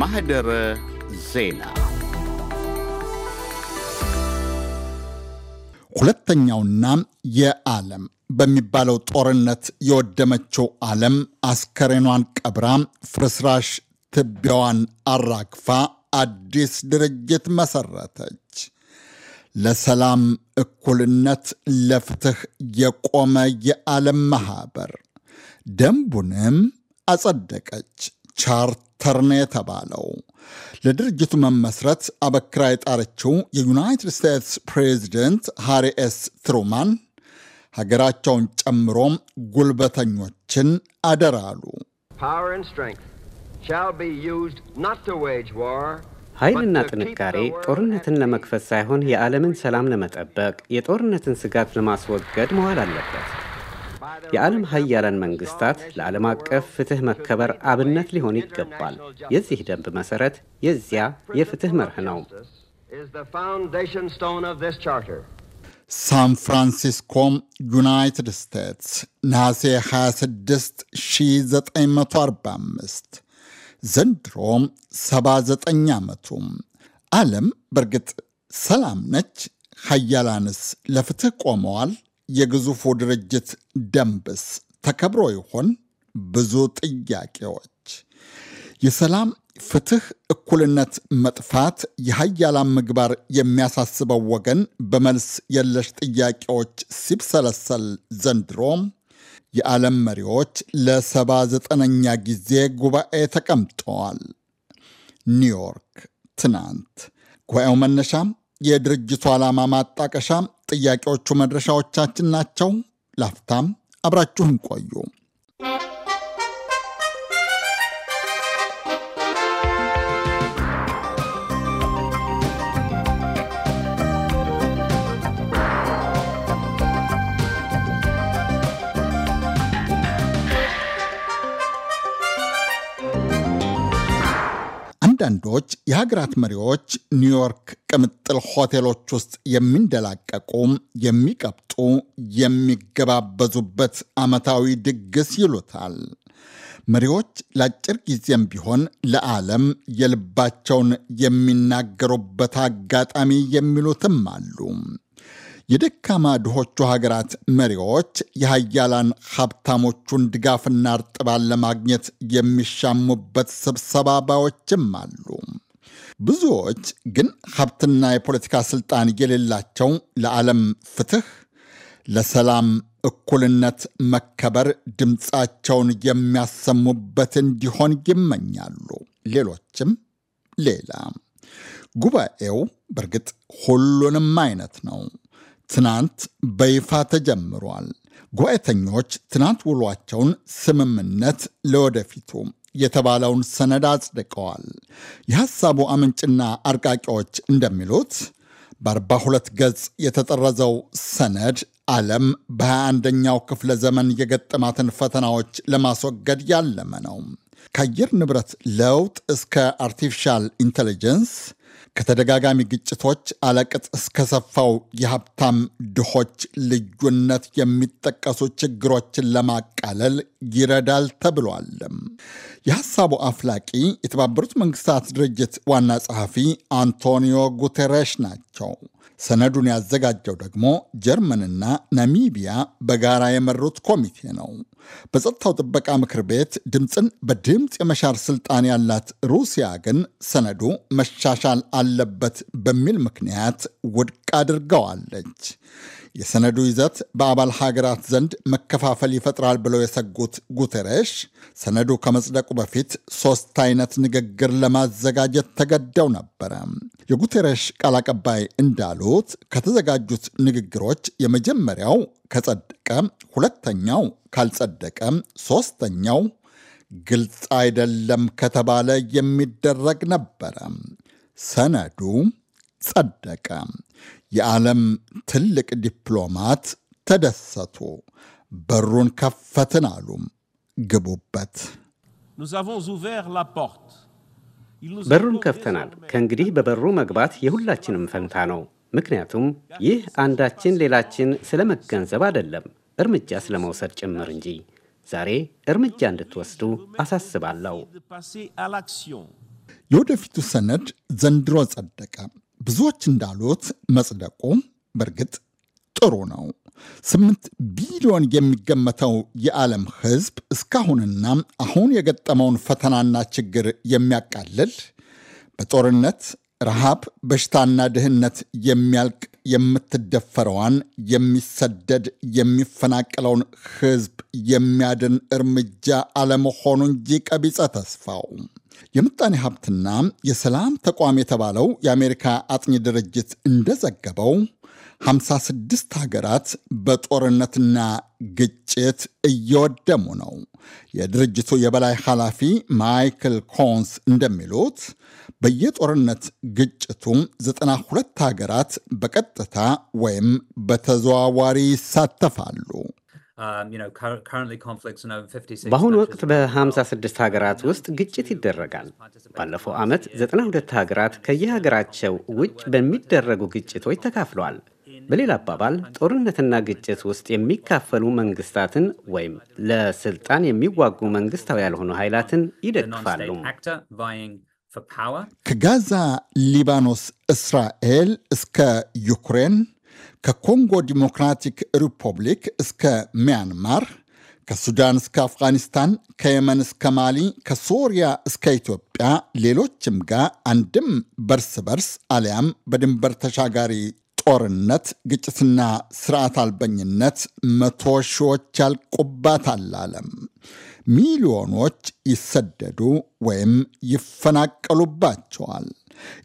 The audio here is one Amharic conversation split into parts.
ማህደረ ዜና ሁለተኛውና የዓለም በሚባለው ጦርነት የወደመችው ዓለም አስከሬኗን ቀብራ ፍርስራሽ ትቢያዋን አራግፋ አዲስ ድርጅት መሰረተች። ለሰላም እኩልነት፣ ለፍትህ የቆመ የዓለም ማኅበር ደንቡንም አጸደቀች። ቻርተር ነው የተባለው። ለድርጅቱ መመስረት አበክራ የጣረችው የዩናይትድ ስቴትስ ፕሬዚደንት ሃሪ ኤስ ትሩማን ሀገራቸውን ጨምሮም ጉልበተኞችን አደራሉ። ኃይልና ጥንካሬ ጦርነትን ለመክፈት ሳይሆን የዓለምን ሰላም ለመጠበቅ፣ የጦርነትን ስጋት ለማስወገድ መዋል አለበት። የዓለም ሀያላን መንግስታት ለዓለም አቀፍ ፍትህ መከበር አብነት ሊሆን ይገባል። የዚህ ደንብ መሰረት የዚያ የፍትህ መርህ ነው። ሳን ፍራንሲስኮም፣ ዩናይትድ ስቴትስ ነሐሴ 26 1945። ዘንድሮም 79 ዓመቱ። ዓለም በእርግጥ ሰላም ነች? ሀያላንስ ለፍትህ ቆመዋል? የግዙፉ ድርጅት ደንብስ ተከብሮ ይሆን? ብዙ ጥያቄዎች። የሰላም ፍትህ፣ እኩልነት መጥፋት፣ የሀያላን ምግባር የሚያሳስበው ወገን በመልስ የለሽ ጥያቄዎች ሲብሰለሰል ዘንድሮ የዓለም መሪዎች ለሰባ ዘጠነኛ ጊዜ ጉባኤ ተቀምጠዋል። ኒውዮርክ ትናንት። ጉባኤው መነሻ የድርጅቱ ዓላማ ማጣቀሻ ጥያቄዎቹ መድረሻዎቻችን ናቸው። ላፍታም አብራችሁን ቆዩ። አንዳንዶች የሀገራት መሪዎች ኒውዮርክ ቅምጥል ሆቴሎች ውስጥ የሚንደላቀቁ፣ የሚቀብጡ፣ የሚገባበዙበት ዓመታዊ ድግስ ይሉታል። መሪዎች ለአጭር ጊዜም ቢሆን ለዓለም የልባቸውን የሚናገሩበት አጋጣሚ የሚሉትም አሉ። የደካማ ድሆቹ ሀገራት መሪዎች የሀያላን ሀብታሞቹን ድጋፍና እርጥባን ለማግኘት የሚሻሙበት ስብሰባባዎችም አሉ። ብዙዎች ግን ሀብትና የፖለቲካ ስልጣን የሌላቸው ለዓለም ፍትህ፣ ለሰላም እኩልነት መከበር ድምፃቸውን የሚያሰሙበት እንዲሆን ይመኛሉ። ሌሎችም ሌላ ጉባኤው በእርግጥ ሁሉንም አይነት ነው። ትናንት በይፋ ተጀምሯል። ጉባኤተኞች ትናንት ውሏቸውን ስምምነት ለወደፊቱ የተባለውን ሰነድ አጽድቀዋል። የሐሳቡ አመንጭና አርቃቂዎች እንደሚሉት በ42 ገጽ የተጠረዘው ሰነድ ዓለም በ21ኛው ክፍለ ዘመን የገጠማትን ፈተናዎች ለማስወገድ ያለመ ነው። ከአየር ንብረት ለውጥ እስከ አርቲፊሻል ኢንቴሊጀንስ ከተደጋጋሚ ግጭቶች አለቅጥ እስከሰፋው የሀብታም ድሆች ልዩነት የሚጠቀሱ ችግሮችን ለማቃለል ይረዳል ተብሏል። የሐሳቡ አፍላቂ የተባበሩት መንግስታት ድርጅት ዋና ጸሐፊ አንቶኒዮ ጉተሬሽ ናቸው። ሰነዱን ያዘጋጀው ደግሞ ጀርመንና ናሚቢያ በጋራ የመሩት ኮሚቴ ነው። በጸጥታው ጥበቃ ምክር ቤት ድምፅን በድምፅ የመሻር ስልጣን ያላት ሩሲያ ግን ሰነዱ መሻሻል አለበት በሚል ምክንያት ውድቅ አድርገዋለች። የሰነዱ ይዘት በአባል ሀገራት ዘንድ መከፋፈል ይፈጥራል ብለው የሰጉት ጉተረሽ ሰነዱ ከመጽደቁ በፊት ሶስት አይነት ንግግር ለማዘጋጀት ተገደው ነበረ። የጉተረሽ ቃል አቀባይ እንዳሉት ከተዘጋጁት ንግግሮች የመጀመሪያው ከጸደቀ፣ ሁለተኛው ካልጸደቀ፣ ሦስተኛው ግልጽ አይደለም ከተባለ የሚደረግ ነበረ። ሰነዱ ጸደቀ። የዓለም ትልቅ ዲፕሎማት ተደሰቱ። በሩን ከፈትን አሉ፣ ግቡበት። በሩን ከፍተናል። ከእንግዲህ በበሩ መግባት የሁላችንም ፈንታ ነው። ምክንያቱም ይህ አንዳችን ሌላችን ስለመገንዘብ አይደለም፣ እርምጃ ስለመውሰድ ጭምር እንጂ። ዛሬ እርምጃ እንድትወስዱ አሳስባለሁ። የወደፊቱ ሰነድ ዘንድሮ ጸደቀ። ብዙዎች እንዳሉት መጽደቁ በእርግጥ ጥሩ ነው። ስምንት ቢሊዮን የሚገመተው የዓለም ሕዝብ እስካሁንና አሁን የገጠመውን ፈተናና ችግር የሚያቃልል በጦርነት ረሃብ፣ በሽታና ድህነት የሚያልቅ የምትደፈረዋን፣ የሚሰደድ የሚፈናቀለውን ሕዝብ የሚያድን እርምጃ አለመሆኑ እንጂ ቀቢጸ ተስፋው የምጣኔ ሀብትና የሰላም ተቋም የተባለው የአሜሪካ አጥኚ ድርጅት እንደዘገበው 56 ሀገራት በጦርነትና ግጭት እየወደሙ ነው። የድርጅቱ የበላይ ኃላፊ ማይክል ኮንስ እንደሚሉት በየጦርነት ግጭቱም 92 ሀገራት በቀጥታ ወይም በተዘዋዋሪ ይሳተፋሉ። um, በአሁኑ ወቅት በ56 ሀገራት ውስጥ ግጭት ይደረጋል። ባለፈው ዓመት 92 ሀገራት ከየሀገራቸው ውጭ በሚደረጉ ግጭቶች ተካፍለዋል። በሌላ አባባል ጦርነትና ግጭት ውስጥ የሚካፈሉ መንግስታትን ወይም ለስልጣን የሚዋጉ መንግስታዊ ያልሆኑ ኃይላትን ይደግፋሉ። ከጋዛ፣ ሊባኖስ፣ እስራኤል እስከ ዩክሬን፣ ከኮንጎ ዲሞክራቲክ ሪፐብሊክ እስከ ሚያንማር፣ ከሱዳን እስከ አፍጋኒስታን፣ ከየመን እስከ ማሊ፣ ከሶሪያ እስከ ኢትዮጵያ፣ ሌሎችም ጋር አንድም በርስ በርስ አሊያም በድንበር ተሻጋሪ ጦርነት፣ ግጭትና ስርዓት አልበኝነት መቶ ሺዎች ያልቁባታል አለም። ሚሊዮኖች ይሰደዱ ወይም ይፈናቀሉባቸዋል።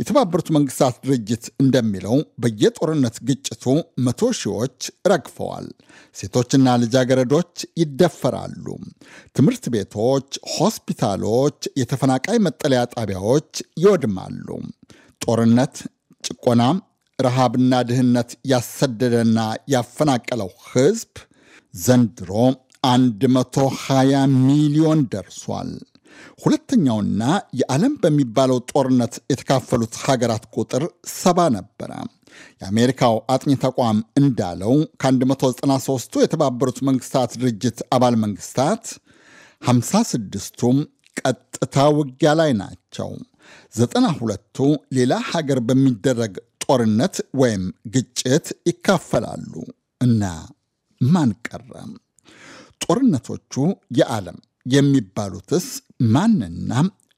የተባበሩት መንግስታት ድርጅት እንደሚለው በየጦርነት ግጭቱ መቶ ሺዎች ረግፈዋል። ሴቶችና ልጃገረዶች ይደፈራሉ። ትምህርት ቤቶች፣ ሆስፒታሎች፣ የተፈናቃይ መጠለያ ጣቢያዎች ይወድማሉ። ጦርነት፣ ጭቆና፣ ረሃብና ድህነት ያሰደደና ያፈናቀለው ህዝብ ዘንድሮ 120 ሚሊዮን ደርሷል። ሁለተኛውና የዓለም በሚባለው ጦርነት የተካፈሉት ሀገራት ቁጥር ሰባ ነበረ። የአሜሪካው አጥኚ ተቋም እንዳለው ከ193ቱ የተባበሩት መንግስታት ድርጅት አባል መንግስታት 56ቱም ቀጥታ ውጊያ ላይ ናቸው። ዘጠና ሁለቱ ሌላ ሀገር በሚደረግ ጦርነት ወይም ግጭት ይካፈላሉ እና ማን ጦርነቶቹ የዓለም የሚባሉትስ ማንና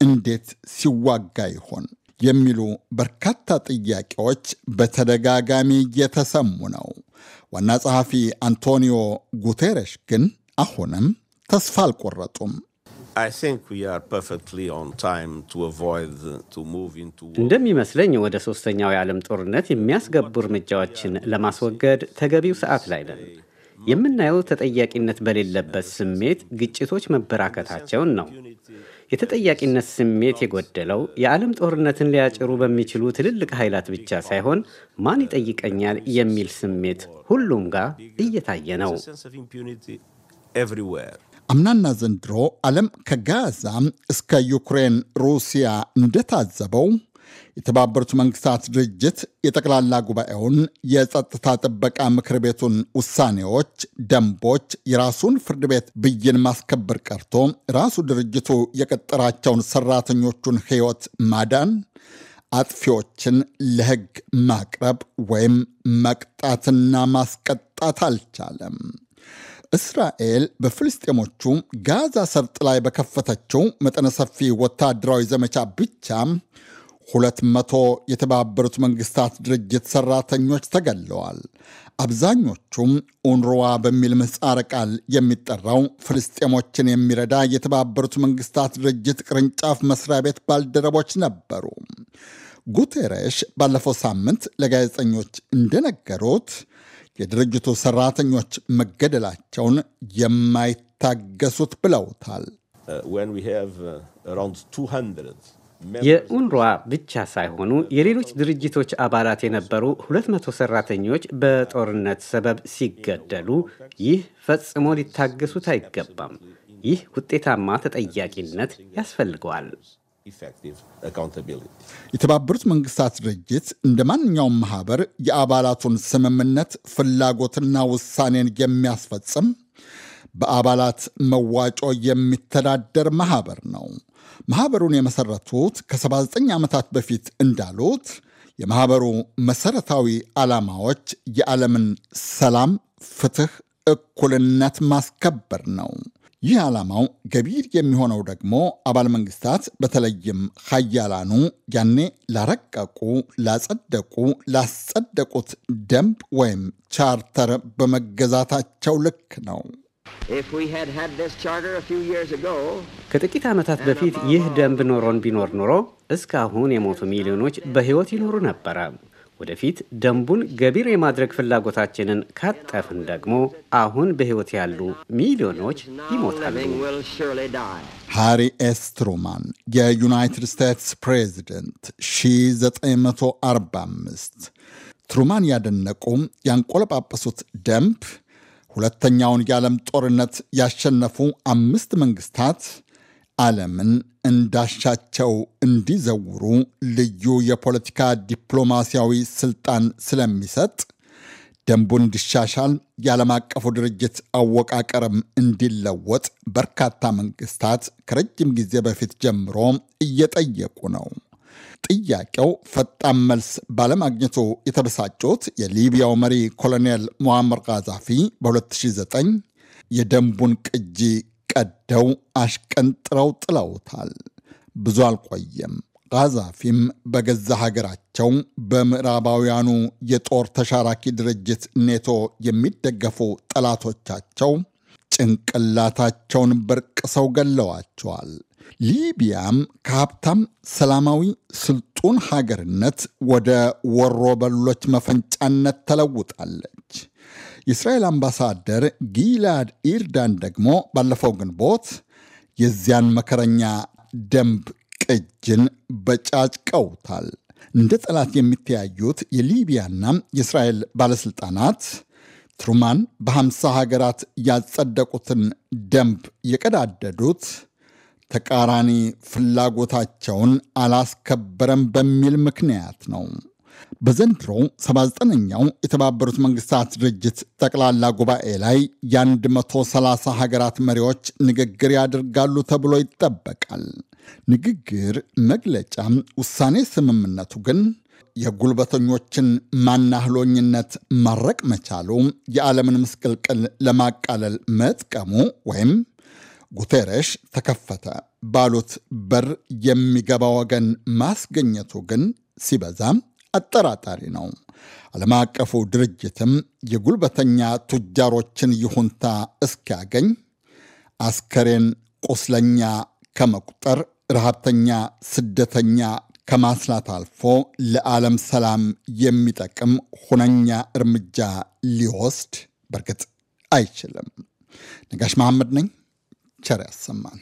እንዴት ሲዋጋ ይሆን የሚሉ በርካታ ጥያቄዎች በተደጋጋሚ እየተሰሙ ነው። ዋና ጸሐፊ አንቶኒዮ ጉቴሬሽ ግን አሁንም ተስፋ አልቆረጡም። እንደሚመስለኝ ወደ ሶስተኛው የዓለም ጦርነት የሚያስገቡ እርምጃዎችን ለማስወገድ ተገቢው ሰዓት ላይ ነን። የምናየው ተጠያቂነት በሌለበት ስሜት ግጭቶች መበራከታቸውን ነው። የተጠያቂነት ስሜት የጎደለው የዓለም ጦርነትን ሊያጭሩ በሚችሉ ትልልቅ ኃይላት ብቻ ሳይሆን ማን ይጠይቀኛል የሚል ስሜት ሁሉም ጋር እየታየ ነው። አምናና ዘንድሮ ዓለም ከጋዛ እስከ ዩክሬን ሩሲያ እንደታዘበው የተባበሩት መንግስታት ድርጅት የጠቅላላ ጉባኤውን የጸጥታ ጥበቃ ምክር ቤቱን ውሳኔዎች፣ ደንቦች፣ የራሱን ፍርድ ቤት ብይን ማስከበር ቀርቶ ራሱ ድርጅቱ የቀጠራቸውን ሰራተኞቹን ሕይወት ማዳን፣ አጥፊዎችን ለሕግ ማቅረብ ወይም መቅጣትና ማስቀጣት አልቻለም። እስራኤል በፍልስጤሞቹ ጋዛ ሰርጥ ላይ በከፈተችው መጠነ ሰፊ ወታደራዊ ዘመቻ ብቻ 200 የተባበሩት መንግስታት ድርጅት ሰራተኞች ተገለዋል። አብዛኞቹም ኡንሩዋ በሚል ምህጻረ ቃል የሚጠራው ፍልስጤሞችን የሚረዳ የተባበሩት መንግስታት ድርጅት ቅርንጫፍ መስሪያ ቤት ባልደረቦች ነበሩ። ጉቴሬሽ ባለፈው ሳምንት ለጋዜጠኞች እንደነገሩት የድርጅቱ ሰራተኞች መገደላቸውን የማይታገሱት ብለውታል። uh, የኡንሯ ብቻ ሳይሆኑ የሌሎች ድርጅቶች አባላት የነበሩ 200 ሰራተኞች በጦርነት ሰበብ ሲገደሉ ይህ ፈጽሞ ሊታገሱት አይገባም። ይህ ውጤታማ ተጠያቂነት ያስፈልገዋል። የተባበሩት መንግስታት ድርጅት እንደ ማንኛውም ማህበር የአባላቱን ስምምነት ፍላጎትና ውሳኔን የሚያስፈጽም በአባላት መዋጮ የሚተዳደር ማህበር ነው። ማህበሩን የመሰረቱት ከ79 ዓመታት በፊት እንዳሉት የማህበሩ መሰረታዊ ዓላማዎች የዓለምን ሰላም፣ ፍትህ፣ እኩልነት ማስከበር ነው። ይህ ዓላማው ገቢር የሚሆነው ደግሞ አባል መንግስታት በተለይም ሀያላኑ ያኔ ላረቀቁ፣ ላጸደቁ፣ ላስጸደቁት ደንብ ወይም ቻርተር በመገዛታቸው ልክ ነው። ከጥቂት ዓመታት በፊት ይህ ደንብ ኖሮን ቢኖር ኖሮ እስካሁን የሞቱ ሚሊዮኖች በሕይወት ይኖሩ ነበረ። ወደፊት ደንቡን ገቢር የማድረግ ፍላጎታችንን ካጠፍን ደግሞ አሁን በሕይወት ያሉ ሚሊዮኖች ይሞታሉ። ሃሪ ኤስ ትሩማን የዩናይትድ ስቴትስ ፕሬዚደንት 1945 ትሩማን ያደነቁ ያንቆለጳጰሱት ደንብ ሁለተኛውን የዓለም ጦርነት ያሸነፉ አምስት መንግስታት ዓለምን እንዳሻቸው እንዲዘውሩ ልዩ የፖለቲካ ዲፕሎማሲያዊ ስልጣን ስለሚሰጥ ደንቡ እንዲሻሻል የዓለም አቀፉ ድርጅት አወቃቀርም እንዲለወጥ በርካታ መንግስታት ከረጅም ጊዜ በፊት ጀምሮ እየጠየቁ ነው። ጥያቄው ፈጣን መልስ ባለማግኘቱ የተበሳጩት የሊቢያው መሪ ኮሎኔል ሞሐመር ጋዛፊ በ2009 የደንቡን ቅጂ ቀደው አሽቀንጥረው ጥለውታል። ብዙ አልቆየም። ቃዛፊም በገዛ ሀገራቸው በምዕራባውያኑ የጦር ተሻራኪ ድርጅት ኔቶ የሚደገፉ ጠላቶቻቸው ጭንቅላታቸውን በርቅሰው ገለዋቸዋል። ሊቢያም ከሀብታም ሰላማዊ ስልጡን ሀገርነት ወደ ወሮ በሎች መፈንጫነት ተለውጣለች። የእስራኤል አምባሳደር ጊላድ ኢርዳን ደግሞ ባለፈው ግንቦት የዚያን መከረኛ ደንብ ቅጅን በጫጭቀውታል። እንደ ጠላት የሚተያዩት የሊቢያና የእስራኤል ባለሥልጣናት ትሩማን በሀምሳ ሀገራት ያጸደቁትን ደንብ የቀዳደዱት ተቃራኒ ፍላጎታቸውን አላስከበረም በሚል ምክንያት ነው። በዘንድሮ 79ኛው የተባበሩት መንግስታት ድርጅት ጠቅላላ ጉባኤ ላይ የ130 ሀገራት መሪዎች ንግግር ያደርጋሉ ተብሎ ይጠበቃል። ንግግር፣ መግለጫ ውሳኔ ስምምነቱ ግን የጉልበተኞችን ማናህሎኝነት ማረቅ መቻሉ፣ የዓለምን ምስቅልቅል ለማቃለል መጥቀሙ ወይም ጉተረሽ ተከፈተ ባሉት በር የሚገባ ወገን ማስገኘቱ ግን ሲበዛም አጠራጣሪ ነው። ዓለም አቀፉ ድርጅትም የጉልበተኛ ቱጃሮችን ይሁንታ እስኪያገኝ አስከሬን ቁስለኛ ከመቁጠር ረሃብተኛ፣ ስደተኛ ከማስላት አልፎ ለዓለም ሰላም የሚጠቅም ሁነኛ እርምጃ ሊወስድ በርግጥ አይችልም። ነጋሽ መሐመድ ነኝ። ቸር ያሰማን።